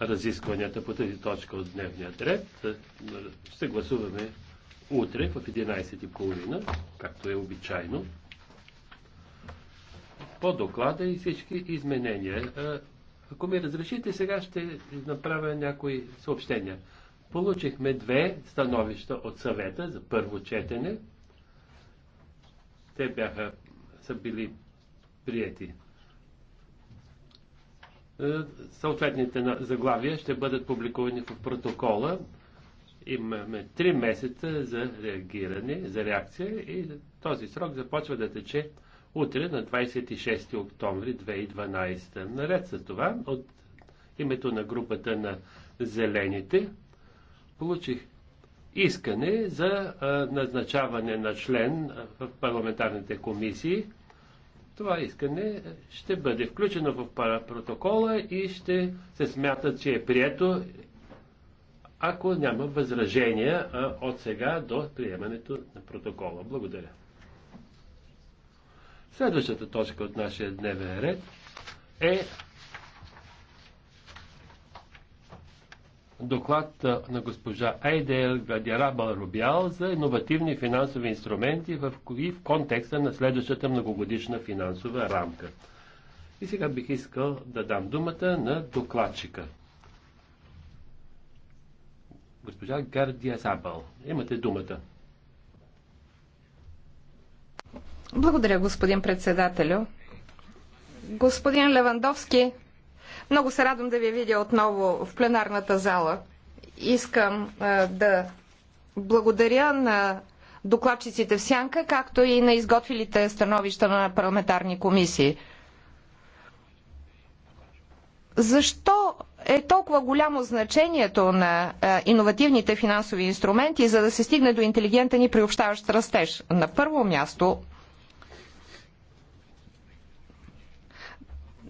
разискванията по тази точка от дневния ред. Ще гласуваме утре в 11.30, както е обичайно, по доклада и всички изменения. Ако ми разрешите, сега ще направя някои съобщения. Получихме две становища от съвета за първо четене. Те бяха, са били прияти. Е, съответните заглавия ще бъдат публикувани в протокола. Имаме 3 месеца за реагиране, за реакция и този срок започва да тече утре на 26 октомври 2012. Наред с това, от името на групата на Зелените, получих искане за назначаване на член в парламентарните комисии това искане ще бъде включено в протокола и ще се смята, че е прието, ако няма възражения от сега до приемането на протокола. Благодаря. Следващата точка от нашия дневен ред е доклад на госпожа Айдел Гадяраба Рубял за иновативни финансови инструменти в, и в контекста на следващата многогодишна финансова рамка. И сега бих искал да дам думата на докладчика. Госпожа Гардия Сабал, имате думата. Благодаря, господин председателю. Господин Левандовски, много се радвам да ви видя отново в пленарната зала. Искам а, да благодаря на докладчиците в Сянка, както и на изготвилите становища на парламентарни комисии. Защо е толкова голямо значението на а, иновативните финансови инструменти, за да се стигне до интелигентен и приобщаващ растеж? На първо място,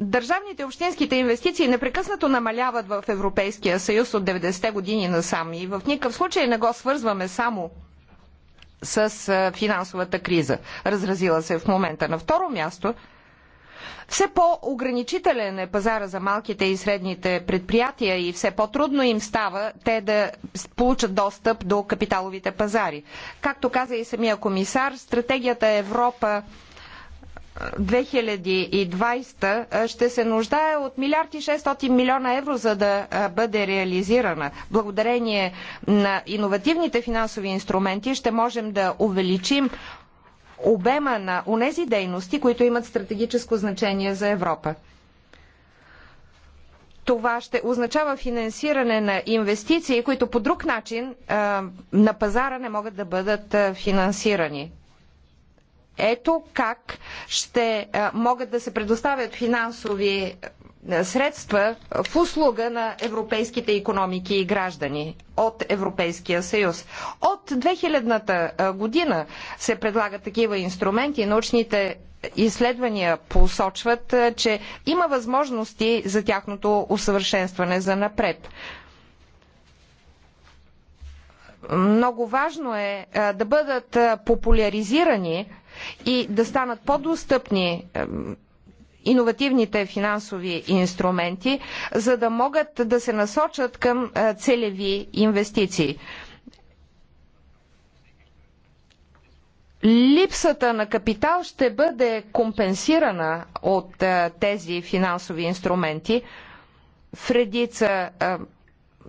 Държавните общинските инвестиции непрекъснато намаляват в Европейския съюз от 90-те години насам и в никакъв случай не го свързваме само с финансовата криза, разразила се в момента. На второ място, все по-ограничителен е пазара за малките и средните предприятия и все по-трудно им става те да получат достъп до капиталовите пазари. Както каза и самия комисар, стратегията Европа 2020 ще се нуждае от милиард и 600 милиона евро, за да бъде реализирана. Благодарение на иновативните финансови инструменти ще можем да увеличим обема на унези дейности, които имат стратегическо значение за Европа. Това ще означава финансиране на инвестиции, които по друг начин на пазара не могат да бъдат финансирани. Ето как ще могат да се предоставят финансови средства в услуга на европейските економики и граждани от Европейския съюз. От 2000-та година се предлагат такива инструменти. Научните изследвания посочват, че има възможности за тяхното усъвършенстване за напред. Много важно е да бъдат популяризирани и да станат по-достъпни иновативните финансови инструменти, за да могат да се насочат към е, целеви инвестиции. Липсата на капитал ще бъде компенсирана от е, тези финансови инструменти в редица е,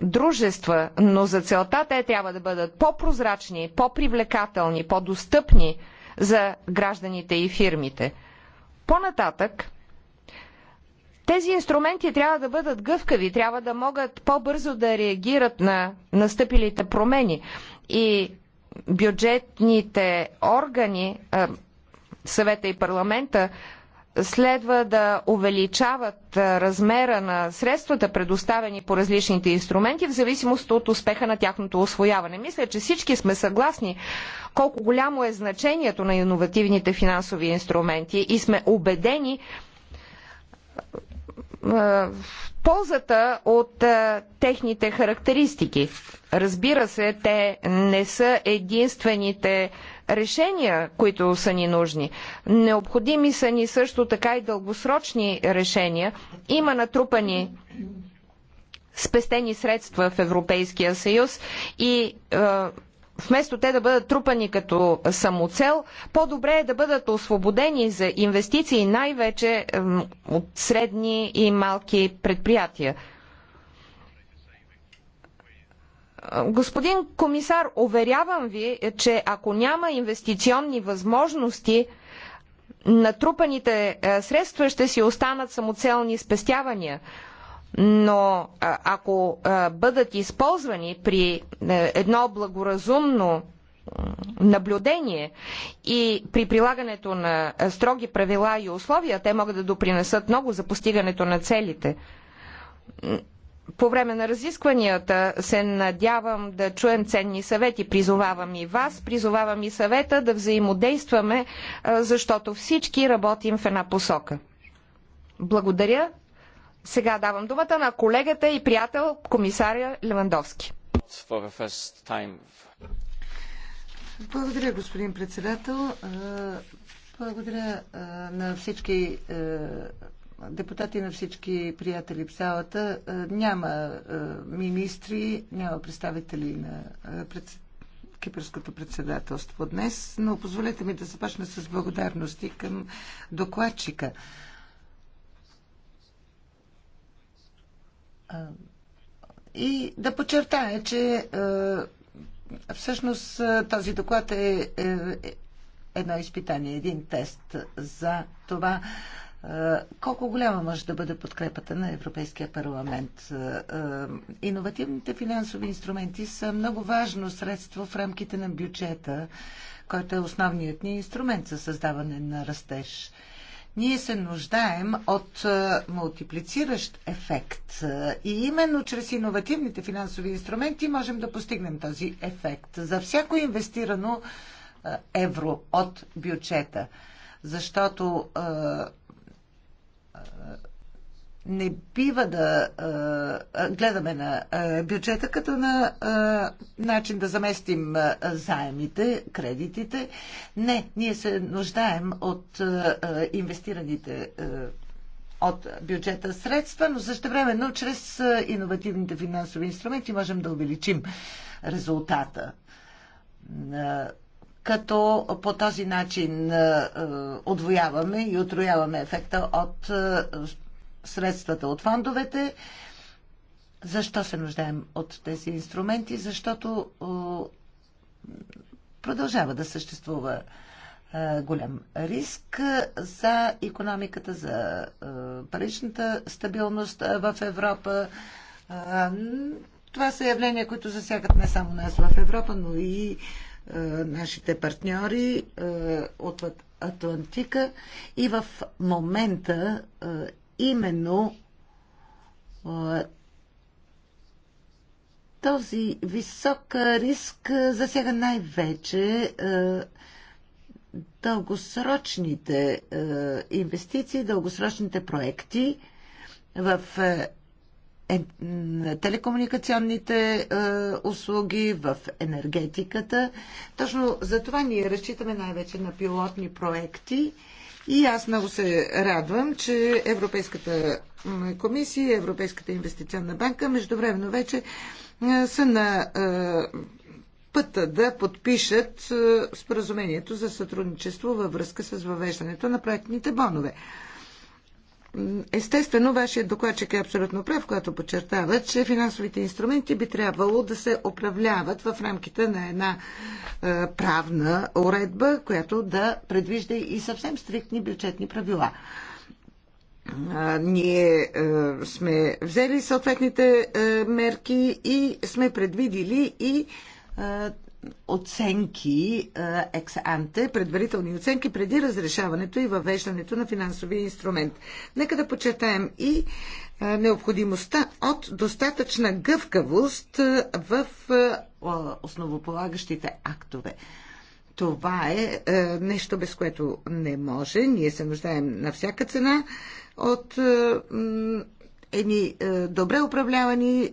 дружества, но за целта те трябва да бъдат по-прозрачни, по-привлекателни, по-достъпни за гражданите и фирмите. По-нататък, тези инструменти трябва да бъдат гъвкави, трябва да могат по-бързо да реагират на настъпилите промени. И бюджетните органи, съвета и парламента, следва да увеличават размера на средствата, предоставени по различните инструменти, в зависимост от успеха на тяхното освояване. Мисля, че всички сме съгласни колко голямо е значението на иновативните финансови инструменти и сме убедени в ползата от техните характеристики. Разбира се, те не са единствените решения, които са ни нужни. Необходими са ни също така и дългосрочни решения. Има натрупани спестени средства в Европейския съюз и е, вместо те да бъдат трупани като самоцел, по-добре е да бъдат освободени за инвестиции най-вече е, от средни и малки предприятия. Господин комисар, уверявам ви, че ако няма инвестиционни възможности, натрупаните е, средства ще си останат самоцелни спестявания. Но е, ако е, бъдат използвани при едно благоразумно наблюдение и при прилагането на строги правила и условия, те могат да допринесат много за постигането на целите по време на разискванията се надявам да чуем ценни съвети. Призовавам и вас, призовавам и съвета да взаимодействаме, защото всички работим в една посока. Благодаря. Сега давам думата на колегата и приятел, комисаря Левандовски. Благодаря, господин председател. Благодаря на всички депутати, на всички приятели в залата. Е, няма е, министри, няма представители на е, Кипърското председателство днес, но позволете ми да започна с благодарности към докладчика. И да подчертая, че всъщност този доклад е едно изпитание, един тест за това колко голяма може да бъде подкрепата на Европейския парламент? Иновативните финансови инструменти са много важно средство в рамките на бюджета, който е основният ни инструмент за създаване на растеж. Ние се нуждаем от мултиплициращ ефект и именно чрез иновативните финансови инструменти можем да постигнем този ефект за всяко инвестирано евро от бюджета защото не бива да а, гледаме на а, бюджета като на а, начин да заместим а, заемите, кредитите. Не, ние се нуждаем от а, инвестираните а, от бюджета средства, но но чрез иновативните финансови инструменти можем да увеличим резултата като по този начин е, е, отвояваме и отрояваме ефекта от е, средствата от фондовете. Защо се нуждаем от тези инструменти? Защото продължава да съществува голям риск за економиката, за паричната стабилност в Европа. Това са явления, които засягат не само нас в Европа, но и е, нашите партньори е, от Атлантика и в момента е, именно този висок риск засяга най-вече дългосрочните инвестиции, дългосрочните проекти в е, телекомуникационните е, услуги, в енергетиката. Точно за това ние разчитаме най-вече на пилотни проекти. И аз много се радвам, че Европейската комисия, Европейската инвестиционна банка междувременно вече е, са на е, пъта да подпишат е, споразумението за сътрудничество във връзка с въвеждането на проектните бонове. Естествено, вашият докладчик е абсолютно прав, когато подчертава, че финансовите инструменти би трябвало да се управляват в рамките на една е, правна уредба, която да предвижда и съвсем стриктни бюджетни правила. А, ние е, сме взели съответните е, мерки и сме предвидили и е, оценки ексанте, предварителни оценки преди разрешаването и въвеждането на финансовия инструмент. Нека да почетаем и е, необходимостта от достатъчна гъвкавост е, в е, основополагащите актове. Това е, е нещо, без което не може. Ние се нуждаем на всяка цена от едни добре управлявани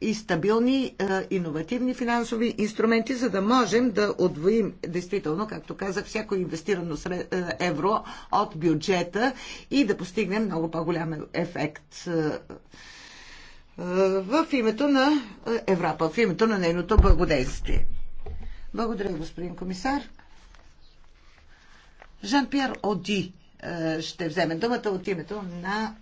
и стабилни, е, иновативни финансови инструменти, за да можем да отвоим, действително, както казах, всяко инвестирано е, евро от бюджета и да постигнем много по-голям ефект е, в името на Европа, в името на нейното благодействие. Благодаря, господин комисар. Жан-Пьер Оди ще вземе думата от името на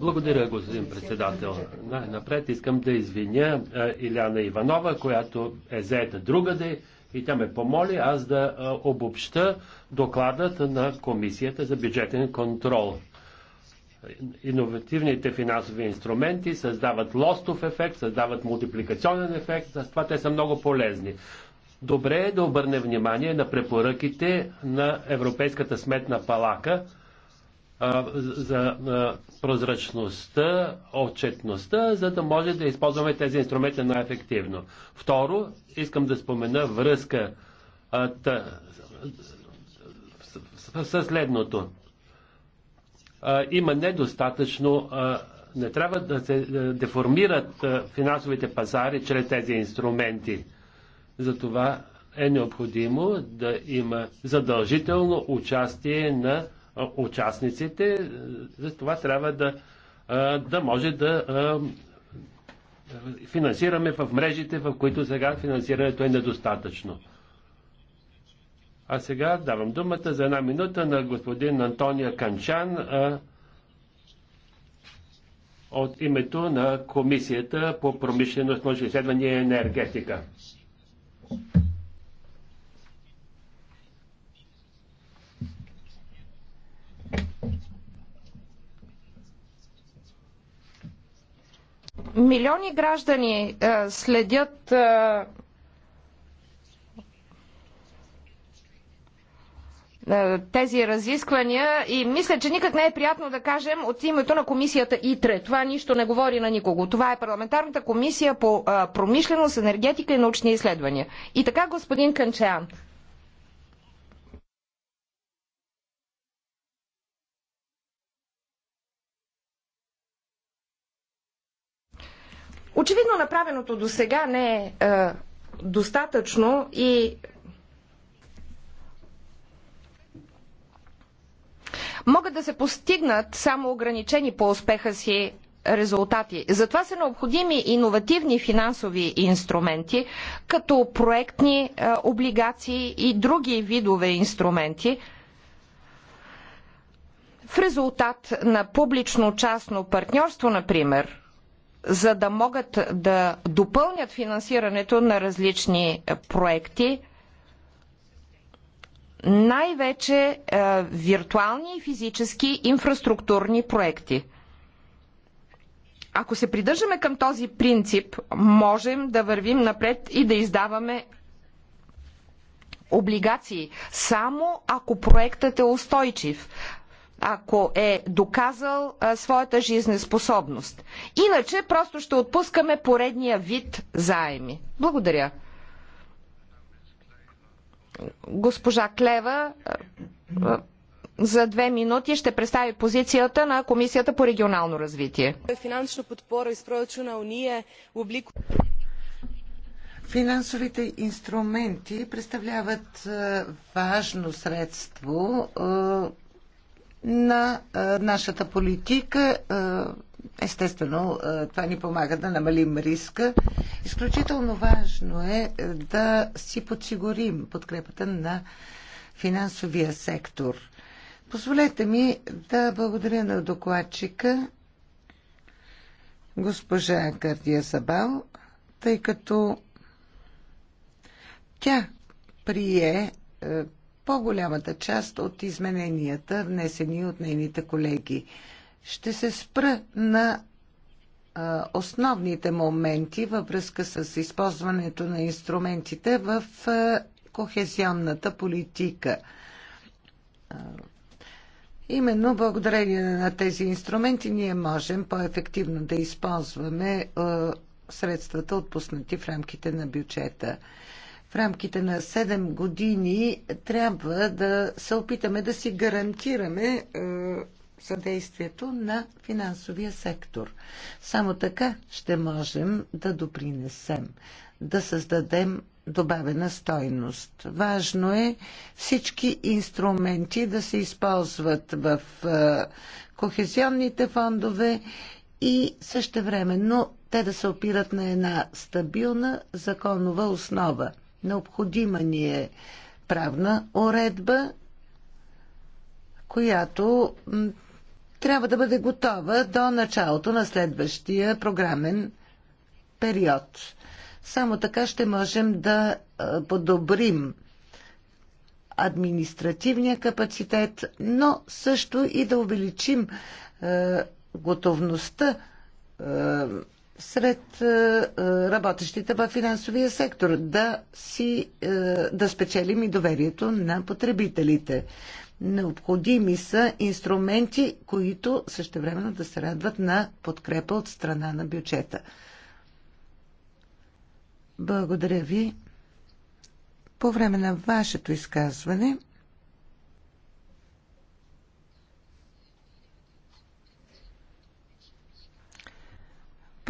благодаря, господин председател. Най-напред искам да извиня Иляна Иванова, която е заета другаде и тя ме помоли аз да обобща докладът на Комисията за бюджетен контрол. Иновативните финансови инструменти създават лостов ефект, създават мултипликационен ефект, за това те са много полезни. Добре е да обърне внимание на препоръките на Европейската сметна палака, за прозрачността, отчетността, за да може да използваме тези инструменти най-ефективно. Второ, искам да спомена връзка със следното. Има недостатъчно, не трябва да се деформират финансовите пазари чрез тези инструменти. Затова е необходимо да има задължително участие на участниците, е, за това трябва да, да може да финансираме в мрежите, в които сега финансирането е недостатъчно. А сега давам думата за една минута на господин Антония Канчан от името на Комисията по промишленост, научни изследвания и енергетика. Милиони граждани а, е, следят а, е, е, тези разисквания и мисля, че никак не е приятно да кажем от името на комисията ИТРЕ. Това нищо не говори на никого. Това е парламентарната комисия по промишленост, енергетика и научни изследвания. И така, господин Канчеан. Очевидно направеното до сега не е, е достатъчно и могат да се постигнат само ограничени по успеха си резултати. Затова са необходими иновативни финансови инструменти, като проектни е, облигации и други видове инструменти, в резултат на публично-частно партньорство, например, за да могат да допълнят финансирането на различни проекти, най-вече е, виртуални и физически инфраструктурни проекти. Ако се придържаме към този принцип, можем да вървим напред и да издаваме облигации, само ако проектът е устойчив ако е доказал а, своята жизнеспособност. Иначе просто ще отпускаме поредния вид заеми. Благодаря. Госпожа Клева за две минути ще представи позицията на Комисията по регионално развитие. Финансово подпора из проръчуна Уния в облику... Финансовите инструменти представляват важно средство на нашата политика. Естествено, това ни помага да намалим риска. Изключително важно е да си подсигурим подкрепата на финансовия сектор. Позволете ми да благодаря на докладчика госпожа Кардия Сабал, тъй като тя прие по-голямата част от измененията, внесени от нейните колеги. Ще се спра на основните моменти във връзка с използването на инструментите в кохезионната политика. Именно благодарение на тези инструменти ние можем по-ефективно да използваме средствата, отпуснати в рамките на бюджета в рамките на 7 години трябва да се опитаме да си гарантираме е, съдействието на финансовия сектор. Само така ще можем да допринесем, да създадем добавена стойност. Важно е всички инструменти да се използват в е, кохезионните фондове и същевременно те да се опират на една стабилна законова основа. Необходима ни е правна уредба, която трябва да бъде готова до началото на следващия програмен период. Само така ще можем да подобрим административния капацитет, но също и да увеличим готовността сред е, е, работещите в финансовия сектор, да, си, е, да спечелим и доверието на потребителите. Необходими са инструменти, които същевременно да се радват на подкрепа от страна на бюджета. Благодаря ви. По време на вашето изказване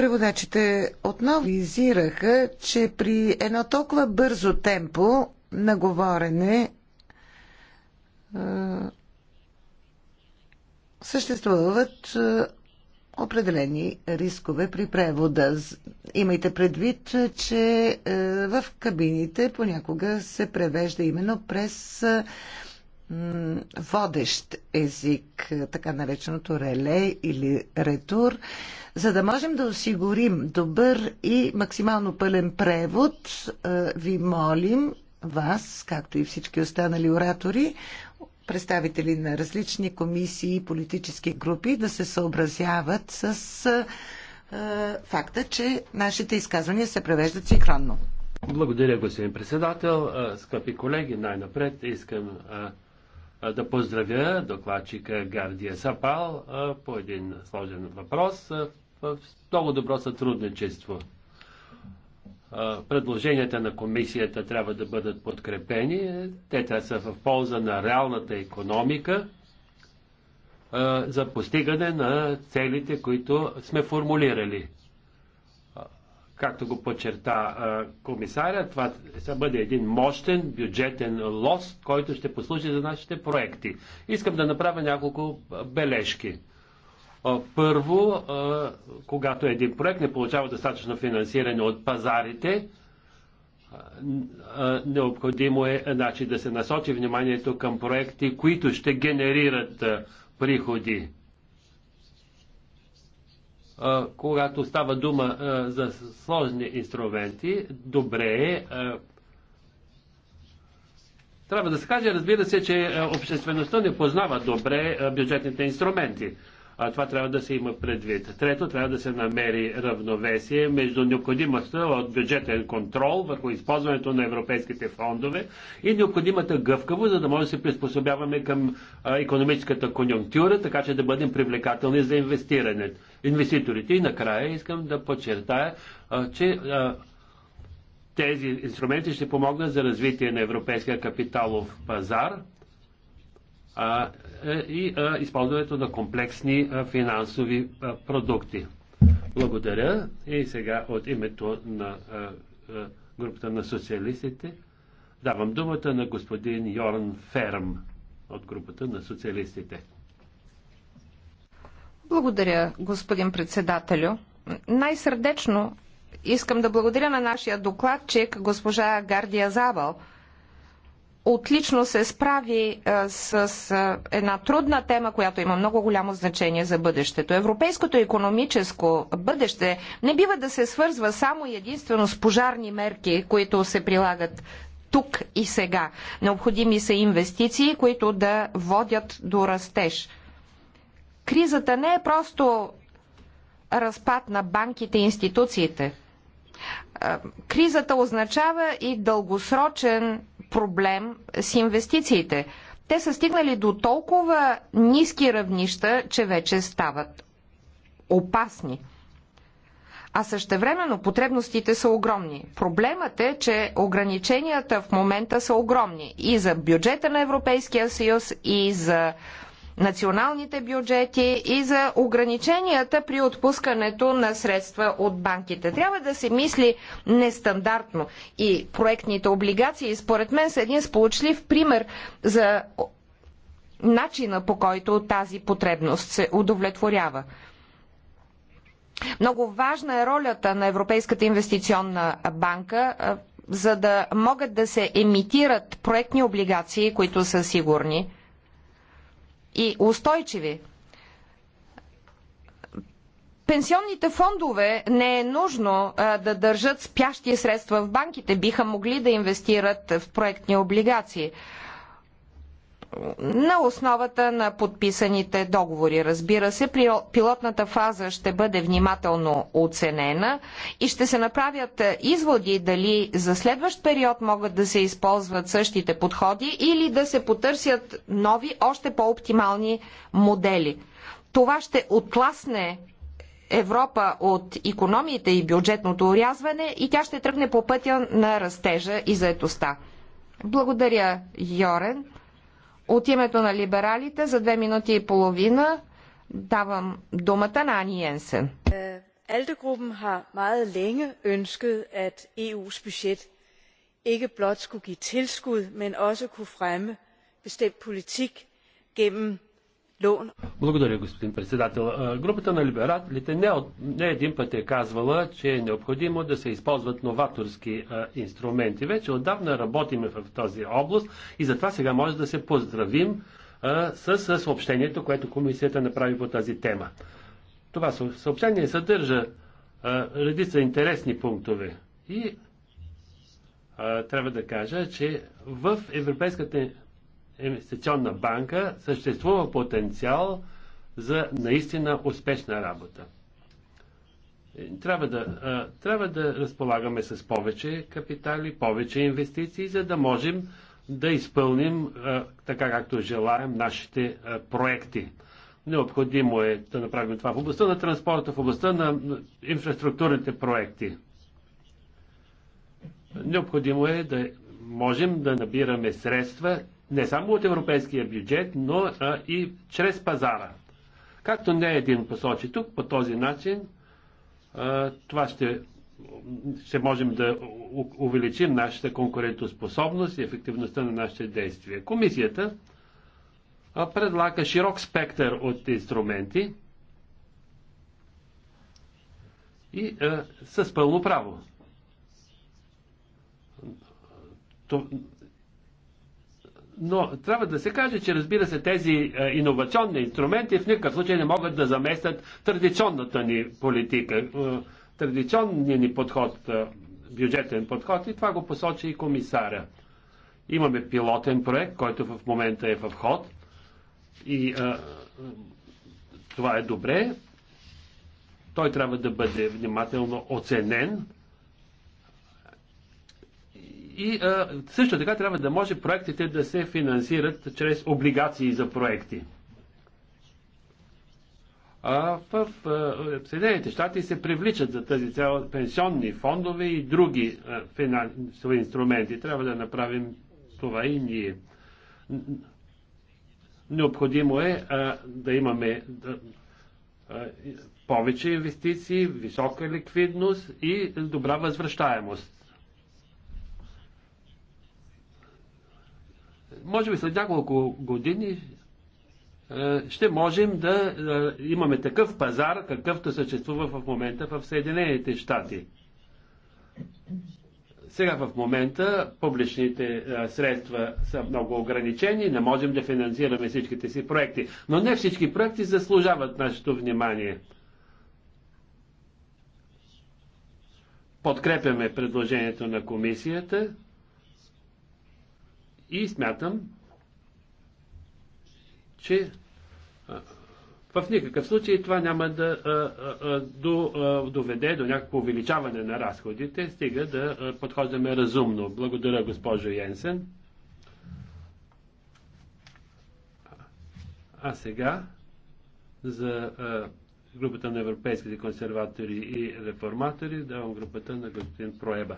Преводачите отново визираха, че при едно толкова бързо темпо на говорене е, съществуват е, определени рискове при превода. Имайте предвид, че е, в кабините понякога се превежда именно през водещ език, така нареченото реле или ретур, за да можем да осигурим добър и максимално пълен превод, ви молим вас, както и всички останали оратори, представители на различни комисии и политически групи, да се съобразяват с факта, че нашите изказвания се превеждат синхронно. Благодаря, господин председател. Скъпи колеги, най-напред искам да поздравя докладчика Гардия Сапал по един сложен въпрос в много добро сътрудничество. Предложенията на комисията трябва да бъдат подкрепени. Те трябва са в полза на реалната економика за постигане на целите, които сме формулирали както го подчерта комисаря, това ще бъде един мощен бюджетен лос, който ще послужи за нашите проекти. Искам да направя няколко бележки. Първо, когато един проект не получава достатъчно финансиране от пазарите, необходимо е значи, да се насочи вниманието към проекти, които ще генерират приходи когато става дума за сложни инструменти, добре е. Трябва да се каже, разбира се, че обществеността не познава добре бюджетните инструменти. А това трябва да се има предвид. Трето, трябва да се намери равновесие между необходимостта от бюджетен контрол върху използването на европейските фондове и необходимата гъвкаво, за да може да се приспособяваме към економическата конъюнктура, така че да бъдем привлекателни за инвестирането инвеститорите. И накрая искам да подчертая, че тези инструменти ще помогнат за развитие на европейския капиталов пазар е, и използването на комплексни финансови продукти. Благодаря. И сега от името на групата на социалистите давам думата на господин Йорн Ферм от групата на социалистите. Благодаря, господин председателю. Най-сърдечно искам да благодаря на нашия докладчик, госпожа Гардия Забал. Отлично се справи а, с, с една трудна тема, която има много голямо значение за бъдещето. Европейското економическо бъдеще не бива да се свързва само и единствено с пожарни мерки, които се прилагат тук и сега. Необходими са инвестиции, които да водят до растеж – Кризата не е просто разпад на банките и институциите. Е, кризата означава и дългосрочен проблем с инвестициите. Те са стигнали до толкова ниски равнища, че вече стават опасни. А същевременно потребностите са огромни. Проблемът е, че ограниченията в момента са огромни и за бюджета на Европейския съюз, и за националните бюджети и за ограниченията при отпускането на средства от банките. Трябва да се мисли нестандартно и проектните облигации според мен са един сполучлив пример за начина по който тази потребност се удовлетворява. Много важна е ролята на Европейската инвестиционна банка, за да могат да се емитират проектни облигации, които са сигурни и устойчиви. Пенсионните фондове не е нужно а, да държат спящи средства в банките, биха могли да инвестират в проектни облигации на основата на подписаните договори. Разбира се, пилотната фаза ще бъде внимателно оценена и ще се направят изводи дали за следващ период могат да се използват същите подходи или да се потърсят нови, още по-оптимални модели. Това ще отласне Европа от економиите и бюджетното урязване и тя ще тръгне по пътя на растежа и заетостта. Благодаря, Йорен. От името на либералите за две минути и половина давам думата на Ани Йенсен. Aldergruppen har meget længe ønsket, at EU's budget ikke blot skulle give tilskud, men også kunne fremme bestemt politik gennem благодаря, господин председател. Групата на либералите не, от, не един път е казвала, че е необходимо да се използват новаторски а, инструменти. Вече отдавна работиме в този област и затова сега може да се поздравим а, с, с съобщението, което комисията направи по тази тема. Това съобщение съдържа а, редица интересни пунктове и трябва да кажа, че в Европейската инвестиционна банка съществува потенциал за наистина успешна работа. Трябва да, трябва да разполагаме с повече капитали, повече инвестиции, за да можем да изпълним така както желаем нашите проекти. Необходимо е да направим това в областта на транспорта, в областта на инфраструктурните проекти. Необходимо е да можем да набираме средства не само от европейския бюджет, но а, и чрез пазара. Както не е един посочи тук, по този начин а, това ще, ще можем да увеличим нашата конкурентоспособност и ефективността на нашите действия. Комисията а, предлага широк спектър от инструменти и а, с пълно право но трябва да се каже, че разбира се, тези е, иновационни инструменти в никакъв случай не могат да заместят традиционната ни политика, е, традиционния ни подход, е, бюджетен подход и това го посочи и комисаря. Имаме пилотен проект, който в момента е в ход и а, това е добре. Той трябва да бъде внимателно оценен и а, също така трябва да може проектите да се финансират чрез облигации за проекти. А в в Съединените щати се привличат за тази цяло пенсионни фондове и други а, финансови инструменти. Трябва да направим това и ние. Необходимо е а, да имаме да, а, повече инвестиции, висока ликвидност и добра възвръщаемост. може би след няколко години е, ще можем да е, имаме такъв пазар, какъвто съществува в момента в Съединените щати. Сега в момента публичните е, средства са много ограничени, не можем да финансираме всичките си проекти. Но не всички проекти заслужават нашето внимание. Подкрепяме предложението на комисията. И смятам, че в никакъв случай това няма да до, доведе до някакво увеличаване на разходите, стига да подхождаме разумно. Благодаря, госпожо Йенсен. А сега за групата на европейските консерватори и реформатори давам групата на господин Проеба.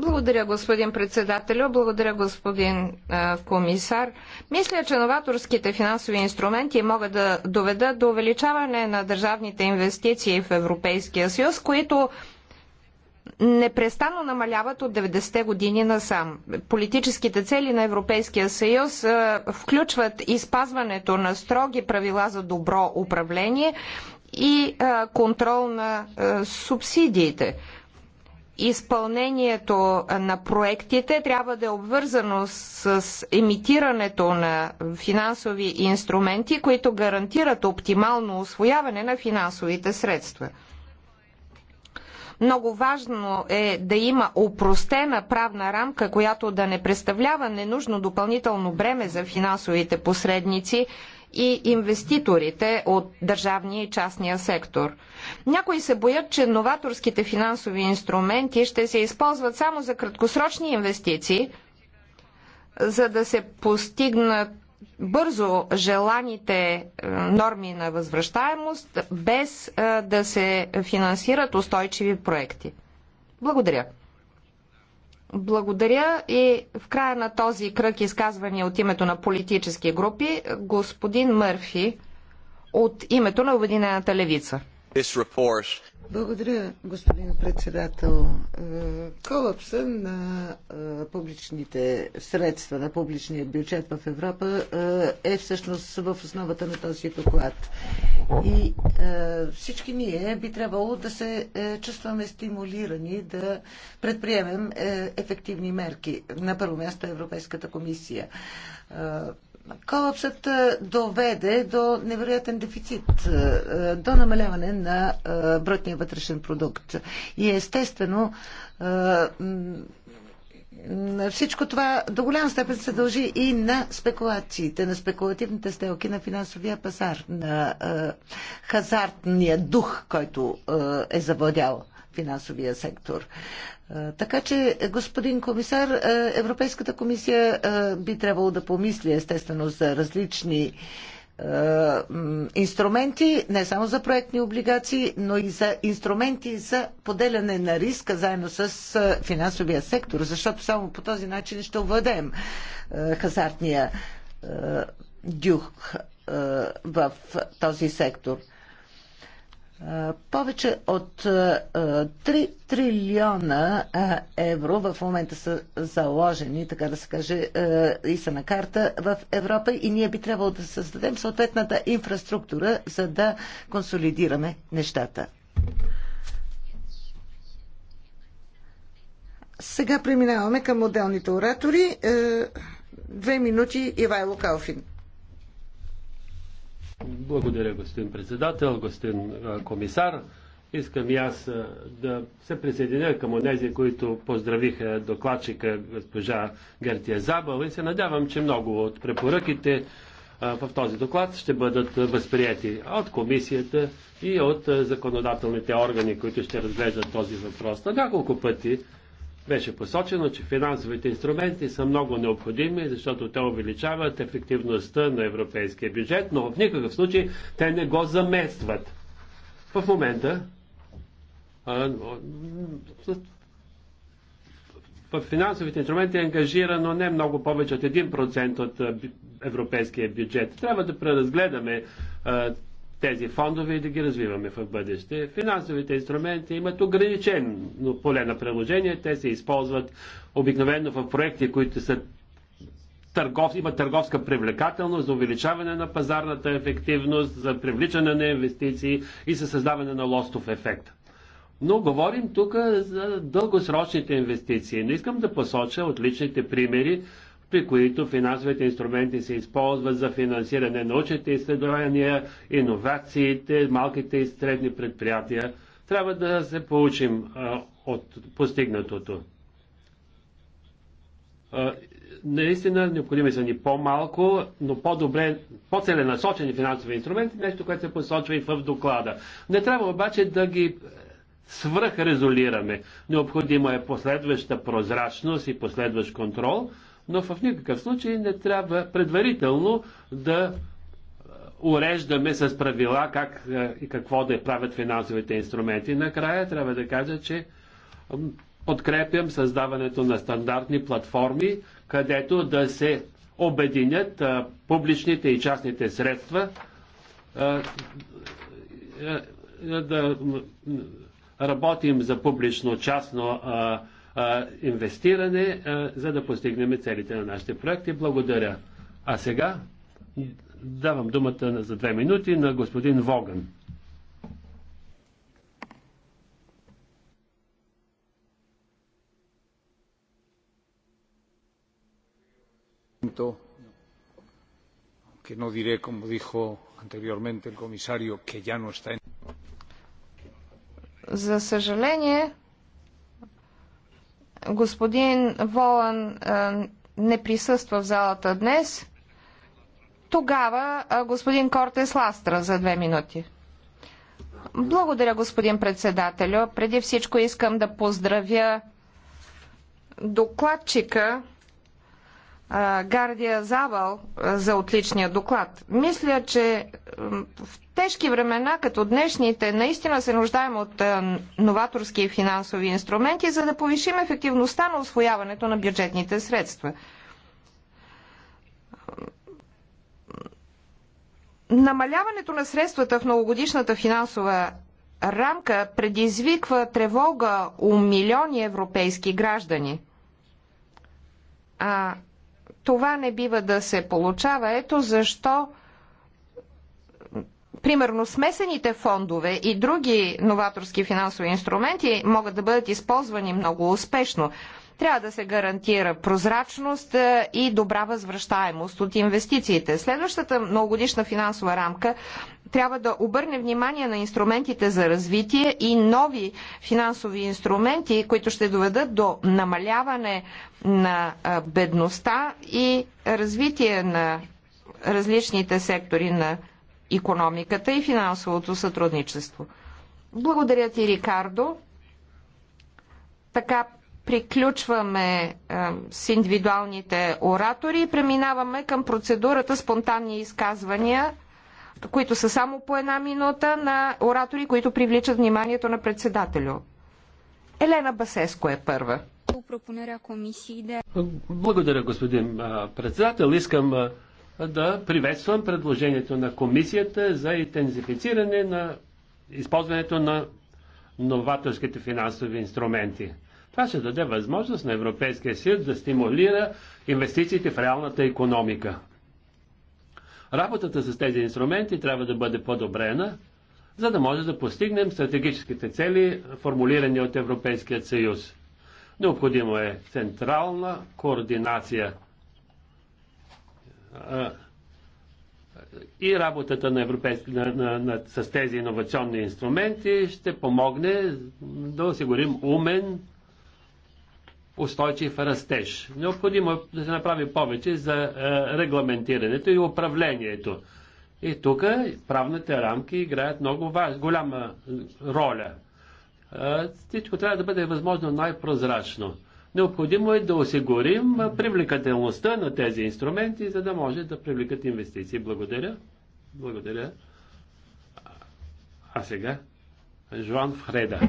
Благодаря, господин председателю. Благодаря, господин а, комисар. Мисля, че новаторските финансови инструменти могат да доведат до увеличаване на държавните инвестиции в Европейския съюз, които непрестанно намаляват от 90-те години насам. Политическите цели на Европейския съюз а, включват изпазването на строги правила за добро управление и а, контрол на субсидиите изпълнението на проектите трябва да е обвързано с емитирането на финансови инструменти, които гарантират оптимално освояване на финансовите средства. Много важно е да има упростена правна рамка, която да не представлява ненужно допълнително бреме за финансовите посредници и инвеститорите от държавния и частния сектор. Някои се боят, че новаторските финансови инструменти ще се използват само за краткосрочни инвестиции, за да се постигнат бързо желаните е, норми на възвръщаемост, без е, да се финансират устойчиви проекти. Благодаря. Благодаря и в края на този кръг изказвания от името на политически групи, господин Мърфи от името на Обединената левица. Благодаря, господин председател. Е, колапса на е, публичните средства, на публичния бюджет в Европа е, е всъщност в основата на този доклад. И всички ние би трябвало да се чувстваме стимулирани да предприемем ефективни мерки. На първо място Европейската комисия Колапсът доведе до невероятен дефицит, до намаляване на брутния вътрешен продукт. И естествено, всичко това до голям степен се дължи и на спекулациите, на спекулативните стелки на финансовия пазар, на хазартния дух, който е завладял финансовия сектор. Така че, господин комисар, Европейската комисия би трябвало да помисли естествено за различни инструменти, не само за проектни облигации, но и за инструменти за поделяне на риска заедно с финансовия сектор, защото само по този начин ще увладеем хазартния дюх в този сектор. Повече от 3 трилиона евро в момента са заложени, така да се каже, и са на карта в Европа и ние би трябвало да създадем съответната инфраструктура, за да консолидираме нещата. Сега преминаваме към отделните оратори. Е, две минути Ивайло Калфин. Благодаря, господин председател, господин комисар. Искам и аз да се присъединя към онези, които поздравиха докладчика госпожа Гертия Забал и се надявам, че много от препоръките в този доклад ще бъдат възприяти от комисията и от законодателните органи, които ще разглеждат този въпрос. На няколко пъти беше посочено, че финансовите инструменти са много необходими, защото те увеличават ефективността на европейския бюджет, но в никакъв случай те не го заместват. В момента в финансовите инструменти е ангажирано не много повече от 1% от европейския бюджет. Трябва да преразгледаме а, тези фондове и да ги развиваме в бъдеще. Финансовите инструменти имат ограничено поле на приложение. Те се използват обикновено в проекти, които са търгов, имат търговска привлекателност за увеличаване на пазарната ефективност, за привличане на инвестиции и за създаване на лостов ефект. Но говорим тук за дългосрочните инвестиции. Не искам да посоча отличните примери при които финансовите инструменти се използват за финансиране на учените изследвания, иновациите, малките и средни предприятия. Трябва да се получим а, от постигнатото. А, наистина необходими са ни по-малко, но по-добре, по-целенасочени финансови инструменти, нещо, което се посочва и в доклада. Не трябва обаче да ги свръхрезолираме. Необходимо е последваща прозрачност и последващ контрол, но в никакъв случай не трябва предварително да е, уреждаме с правила как е, и какво да правят финансовите инструменти. Накрая трябва да кажа, че подкрепям създаването на стандартни платформи, където да се обединят е, публичните и частните средства, да работим за публично-частно инвестиране, за да постигнем целите на нашите проекти. Благодаря. А сега давам думата за две минути на господин Воган. que no diré como dijo anteriormente el comisario que ya no está en. За съжаление, господин Волан не присъства в залата днес, тогава господин Кортес Ластра за две минути. Благодаря, господин председателю. Преди всичко искам да поздравя докладчика Гардия Завал за отличния доклад. Мисля, че в тежки времена, като днешните, наистина се нуждаем от е, новаторски финансови инструменти, за да повишим ефективността на освояването на бюджетните средства. Намаляването на средствата в многогодишната финансова рамка предизвиква тревога у милиони европейски граждани. А това не бива да се получава. Ето защо Примерно смесените фондове и други новаторски финансови инструменти могат да бъдат използвани много успешно. Трябва да се гарантира прозрачност е, и добра възвръщаемост от инвестициите. Следващата многогодишна финансова рамка трябва да обърне внимание на инструментите за развитие и нови финансови инструменти, които ще доведат до намаляване на е, бедността и развитие на различните сектори на економиката и финансовото сътрудничество. Благодаря ти, Рикардо. Така приключваме е, с индивидуалните оратори и преминаваме към процедурата спонтанни изказвания, които са само по една минута на оратори, които привличат вниманието на председателю. Елена Басеско е първа. Благодаря, господин председател. Искам да приветствам предложението на комисията за интензифициране на използването на новаторските финансови инструменти. Това ще даде възможност на Европейския съюз да стимулира инвестициите в реалната економика. Работата с тези инструменти трябва да бъде подобрена, за да може да постигнем стратегическите цели, формулирани от Европейския съюз. Необходимо е централна координация – и работата на, европейски, на, на, на, с тези иновационни инструменти ще помогне да осигурим умен, устойчив растеж. Необходимо е да се направи повече за регламентирането и управлението. И тук правните рамки играят много важ, голяма роля. Всичко трябва да бъде възможно най-прозрачно. Необходимо е да осигурим привлекателността на тези инструменти, за да може да привлекат инвестиции. Благодаря. Благодаря. А сега Жоан Фреда.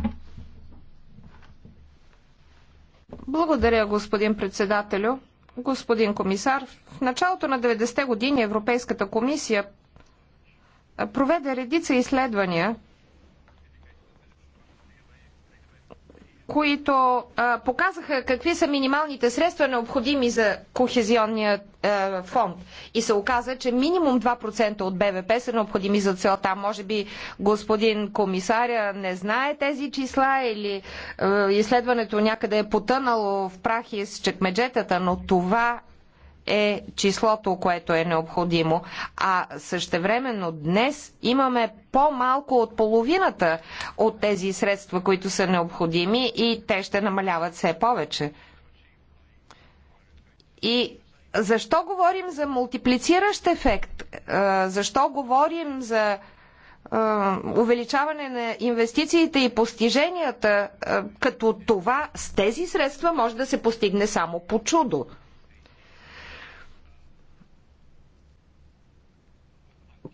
Благодаря, господин председателю. Господин комисар, в началото на 90-те години Европейската комисия проведе редица изследвания, които а, показаха какви са минималните средства необходими за кохезионния а, фонд. И се оказа, че минимум 2% от БВП са необходими за целта. Може би господин комисаря не знае тези числа или а, изследването някъде е потънало в прах и с чекмеджетата, но това е числото, което е необходимо. А същевременно днес имаме по-малко от половината от тези средства, които са необходими и те ще намаляват все повече. И защо говорим за мултиплициращ ефект? Е, защо говорим за е, увеличаване на инвестициите и постиженията, е, като това с тези средства може да се постигне само по чудо?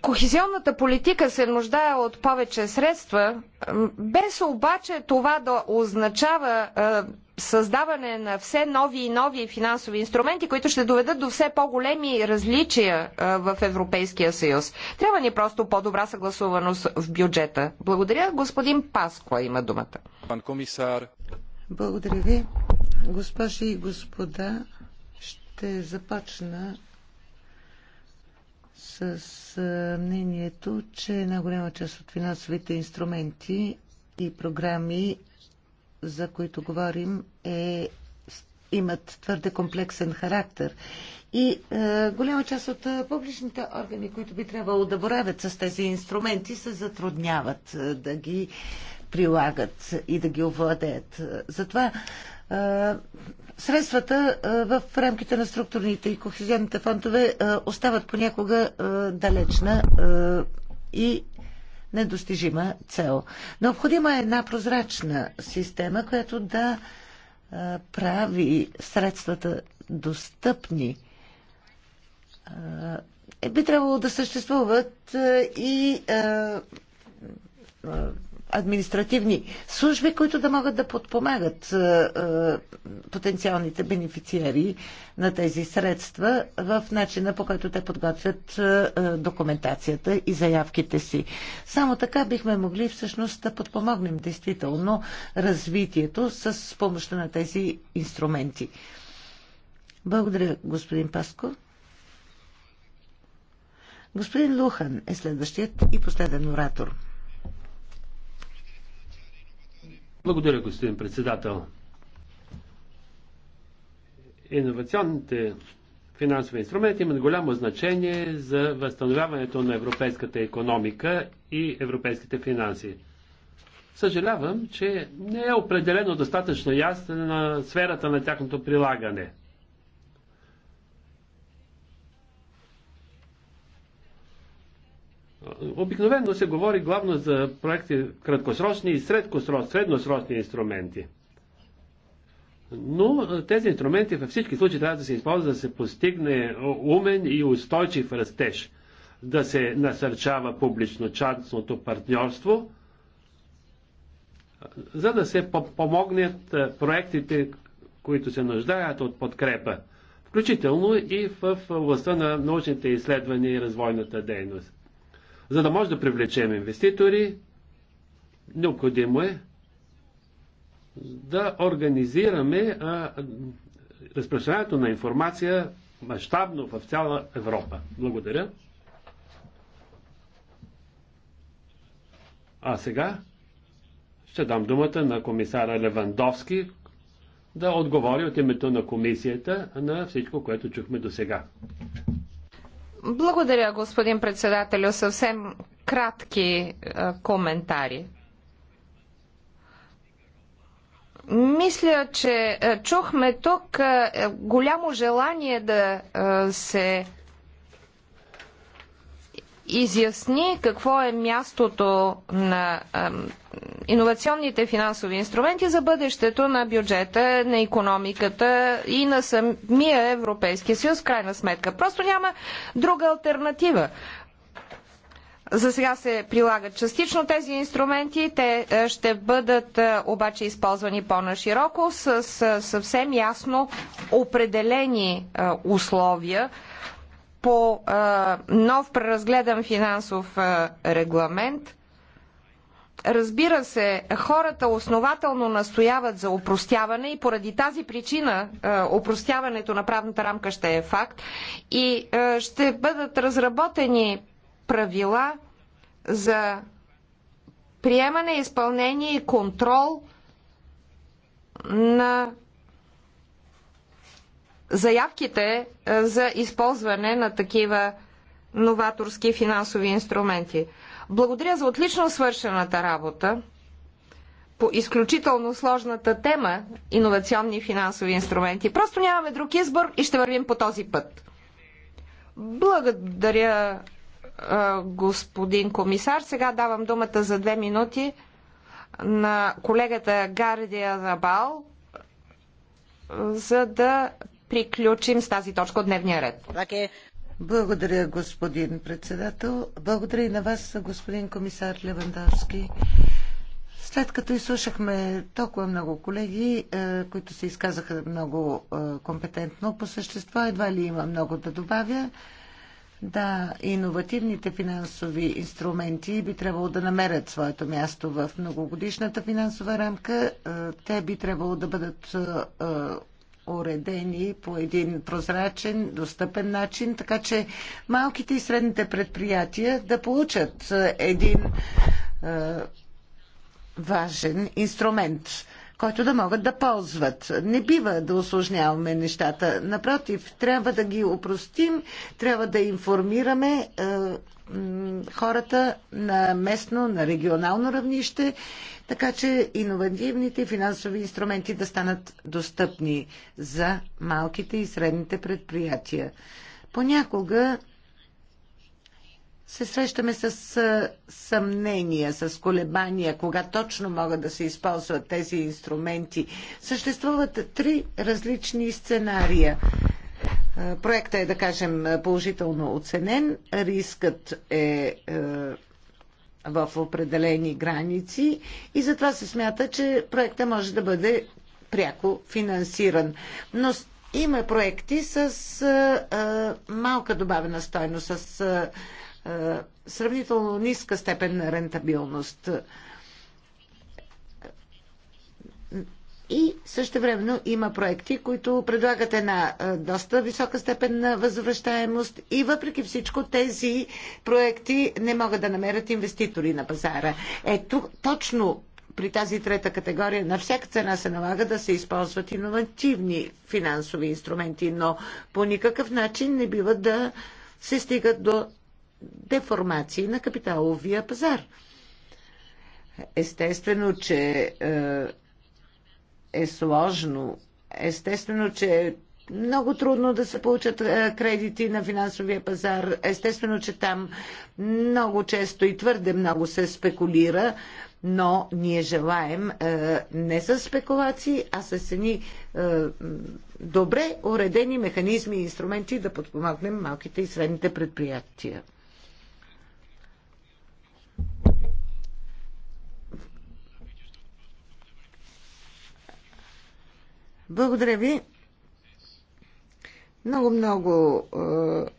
Кохезионната политика се нуждае от повече средства, без обаче това да означава създаване на все нови и нови финансови инструменти, които ще доведат до все по-големи различия в Европейския съюз. Трябва ни просто по-добра съгласуваност в бюджета. Благодаря. Господин Пасква има думата. Пан комисар. Благодаря ви. Госпожи и господа, ще започна с мнението, че една голяма част от финансовите инструменти и програми, за които говорим, е, имат твърде комплексен характер. И е, голяма част от публичните органи, които би трябвало да боравят с тези инструменти, се затрудняват да ги прилагат и да ги овладеят. Затова е, средствата в рамките на структурните и кохезионните фондове остават понякога далечна и недостижима цел. Необходима е една прозрачна система, която да прави средствата достъпни. Е, би трябвало да съществуват и административни служби, които да могат да подпомагат е, е, потенциалните бенефициери на тези средства в начина по който те подготвят е, документацията и заявките си. Само така бихме могли всъщност да подпомогнем действително развитието с помощта на тези инструменти. Благодаря, господин Паско. Господин Лухан е следващият и последен оратор. Благодаря, господин председател. Инновационните финансови инструменти имат голямо значение за възстановяването на европейската економика и европейските финанси. Съжалявам, че не е определено достатъчно ясно на сферата на тяхното прилагане – Обикновено се говори главно за проекти краткосрочни и средносрочни инструменти. Но тези инструменти във всички случаи трябва да се използват да се постигне умен и устойчив растеж, да се насърчава публично-частното партньорство, за да се помогнат проектите, които се нуждаят от подкрепа, включително и в областта на научните изследвания и развойната дейност. За да може да привлечем инвеститори, необходимо е да организираме а, разпространението на информация мащабно в цяла Европа. Благодаря. А сега ще дам думата на комисара Левандовски да отговори от името на комисията на всичко, което чухме до сега. Благодаря, господин председателю. Съвсем кратки а, е, коментари. Мисля, че а, е, чухме тук а, е, голямо желание да се изясни какво е мястото на иновационните финансови инструменти за бъдещето на бюджета, на економиката и на самия Европейския съюз, крайна сметка. Просто няма друга альтернатива. За сега се прилагат частично тези инструменти, те е, ще бъдат е, обаче използвани по-нашироко с съвсем ясно определени е, условия по нов преразгледан финансов регламент Разбира се, хората основателно настояват за опростяване и поради тази причина опростяването е, на правната рамка ще е факт и е, ще бъдат разработени правила за приемане, изпълнение и контрол на заявките е, за използване на такива новаторски финансови инструменти. Благодаря за отлично свършената работа по изключително сложната тема иновационни финансови инструменти. Просто нямаме друг избор и ще вървим по този път. Благодаря, господин комисар. Сега давам думата за две минути на колегата Гардия Забал, за да приключим с тази точка от дневния ред. Благодаря, господин председател. Благодаря и на вас, господин комисар Левандовски. След като изслушахме толкова много колеги, е, които се изказаха много е, компетентно по същество, едва ли има много да добавя. Да, иновативните финансови инструменти би трябвало да намерят своето място в многогодишната финансова рамка. Е, те би трябвало да бъдат уредени по един прозрачен, достъпен начин, така че малките и средните предприятия да получат е, един е, важен инструмент, който да могат да ползват. Не бива да осложняваме нещата. Напротив, трябва да ги упростим, трябва да информираме. Е, хората на местно, на регионално равнище, така че иновативните финансови инструменти да станат достъпни за малките и средните предприятия. Понякога се срещаме с съмнения, с колебания, кога точно могат да се използват тези инструменти. Съществуват три различни сценария. Е, проектът е, да кажем, положително оценен. Рискът е, е в определени граници и затова се смята, че проекта може да бъде пряко финансиран. Но има проекти с а, е, малка добавена стойност, с а, сравнително ниска степен на рентабилност. И също времено има проекти, които предлагат една доста висока степен на възвръщаемост и въпреки всичко тези проекти не могат да намерят инвеститори на пазара. Ето, точно при тази трета категория на всяка цена се налага да се използват иновативни финансови инструменти, но по никакъв начин не бива да се стигат до деформации на капиталовия пазар. Естествено, че е, е сложно. Естествено, че е много трудно да се получат е, кредити на финансовия пазар. Естествено, че там много често и твърде много се спекулира, но ние желаем е, не с спекулации, а с едни е, добре уредени механизми и инструменти да подпомогнем малките и средните предприятия. Благодаря ви. Много-много е,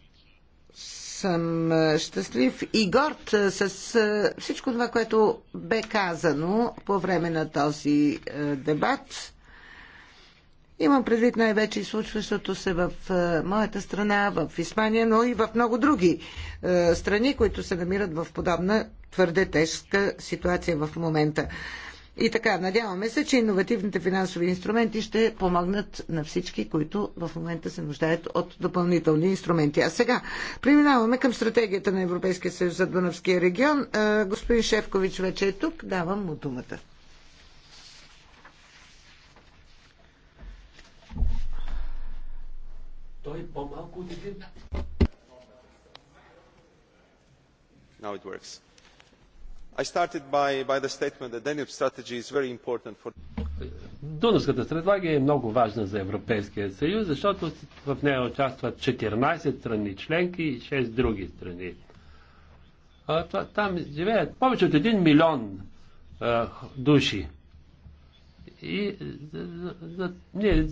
съм щастлив и горд е, с е, всичко това, което бе казано по време на този дебат. Имам предвид най-вече и случващото се в моята страна, в Испания, но и в много други страни, които се намират в подобна твърде тежка ситуация в момента. И така, надяваме се, че иновативните финансови инструменти ще помогнат на всички, които в момента се нуждаят от допълнителни инструменти. А сега преминаваме към стратегията на Европейския съюз за Дунавския регион. Господин Шефкович вече е тук. Давам му думата. Той по-малко от един. Now it works. I started by, the statement that Danube strategy is very important for... Дунавската стратегия е много важна за Европейския съюз, защото в нея участват 14 страни членки и 6 други страни. там живеят повече от 1 милион души. И ние